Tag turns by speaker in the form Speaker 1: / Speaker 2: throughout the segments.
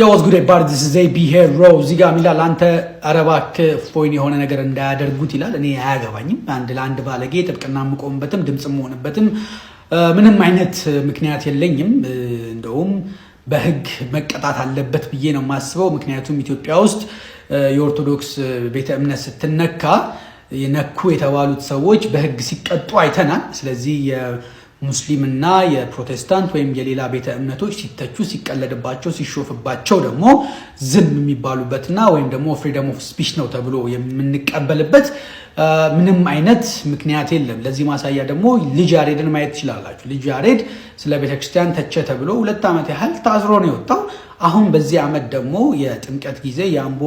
Speaker 1: የወዝ ጉዳይ ባርድስ ዘይ ቢሄሮ እዚህ ጋር ሚላል አንተ አረባክ ፎይን የሆነ ነገር እንዳያደርጉት ይላል። እኔ አያገባኝም። አንድ ለአንድ ባለጌ ጥብቅና የምቆምበትም ድምፅ የምሆንበትም ምንም አይነት ምክንያት የለኝም። እንደውም በህግ መቀጣት አለበት ብዬ ነው የማስበው። ምክንያቱም ኢትዮጵያ ውስጥ የኦርቶዶክስ ቤተ እምነት ስትነካ የነኩ የተባሉት ሰዎች በህግ ሲቀጡ አይተናል። ስለዚህ ሙስሊምና የፕሮቴስታንት ወይም የሌላ ቤተ እምነቶች ሲተቹ፣ ሲቀለድባቸው፣ ሲሾፍባቸው ደግሞ ዝም የሚባሉበትና ወይም ደግሞ ፍሪደም ኦፍ ስፒች ነው ተብሎ የምንቀበልበት ምንም አይነት ምክንያት የለም። ለዚህ ማሳያ ደግሞ ልጅ ያሬድን ማየት ትችላላችሁ። ልጅ ያሬድ ስለ ቤተክርስቲያን ተቸ ተብሎ ሁለት ዓመት ያህል ታዝሮ ነው የወጣው። አሁን በዚህ ዓመት ደግሞ የጥምቀት ጊዜ የአምቦ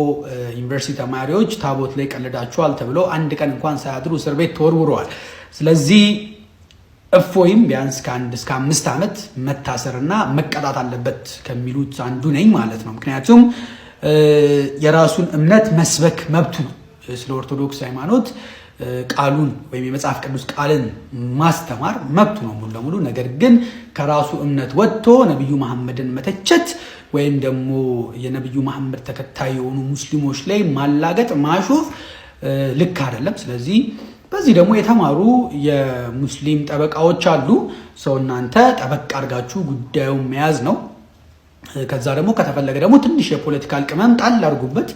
Speaker 1: ዩኒቨርሲቲ ተማሪዎች ታቦት ላይ ቀልዳችኋል ተብሎ አንድ ቀን እንኳን ሳያድሩ እስር ቤት ተወርውረዋል። ስለዚህ እፎይም ቢያንስ ከአንድ እስከ አምስት ዓመት መታሰርና መቀጣት አለበት ከሚሉት አንዱ ነኝ ማለት ነው። ምክንያቱም የራሱን እምነት መስበክ መብቱ ነው። ስለ ኦርቶዶክስ ሃይማኖት ቃሉን ወይም የመጽሐፍ ቅዱስ ቃልን ማስተማር መብቱ ነው ሙሉ ለሙሉ። ነገር ግን ከራሱ እምነት ወጥቶ ነቢዩ መሐመድን መተቸት ወይም ደግሞ የነቢዩ መሐመድ ተከታይ የሆኑ ሙስሊሞች ላይ ማላገጥ፣ ማሾፍ ልክ አይደለም። ስለዚህ በዚህ ደግሞ የተማሩ የሙስሊም ጠበቃዎች አሉ። ሰው እናንተ ጠበቅ አድርጋችሁ ጉዳዩን መያዝ ነው። ከዛ ደግሞ ከተፈለገ ደግሞ ትንሽ የፖለቲካል ቅመም ጣል አድርጉበት።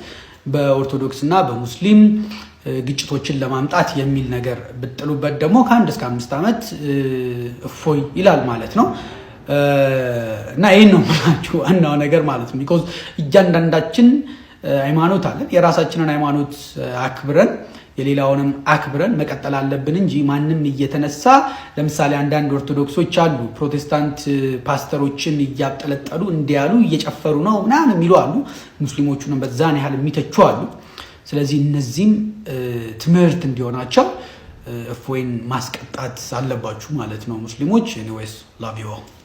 Speaker 1: በኦርቶዶክስ እና በሙስሊም ግጭቶችን ለማምጣት የሚል ነገር ብጥሉበት ደግሞ ከአንድ እስከ አምስት ዓመት እፎይ ይላል ማለት ነው። እና ይህን ነው ምላችሁ ዋናው ነገር ማለት ነው። ቢኮዝ እያንዳንዳችን ሃይማኖት አለን። የራሳችንን ሃይማኖት አክብረን የሌላውንም አክብረን መቀጠል አለብን እንጂ ማንም እየተነሳ ለምሳሌ አንዳንድ ኦርቶዶክሶች አሉ፣ ፕሮቴስታንት ፓስተሮችን እያጠለጠሉ እንዲያሉ እየጨፈሩ ነው ምናምን የሚሉ አሉ። ሙስሊሞቹንም በዛን ያህል የሚተቹ አሉ። ስለዚህ እነዚህም ትምህርት እንዲሆናቸው እፎይን ማስቀጣት አለባችሁ ማለት ነው ሙስሊሞች። ኒዌይስ ላቪዮ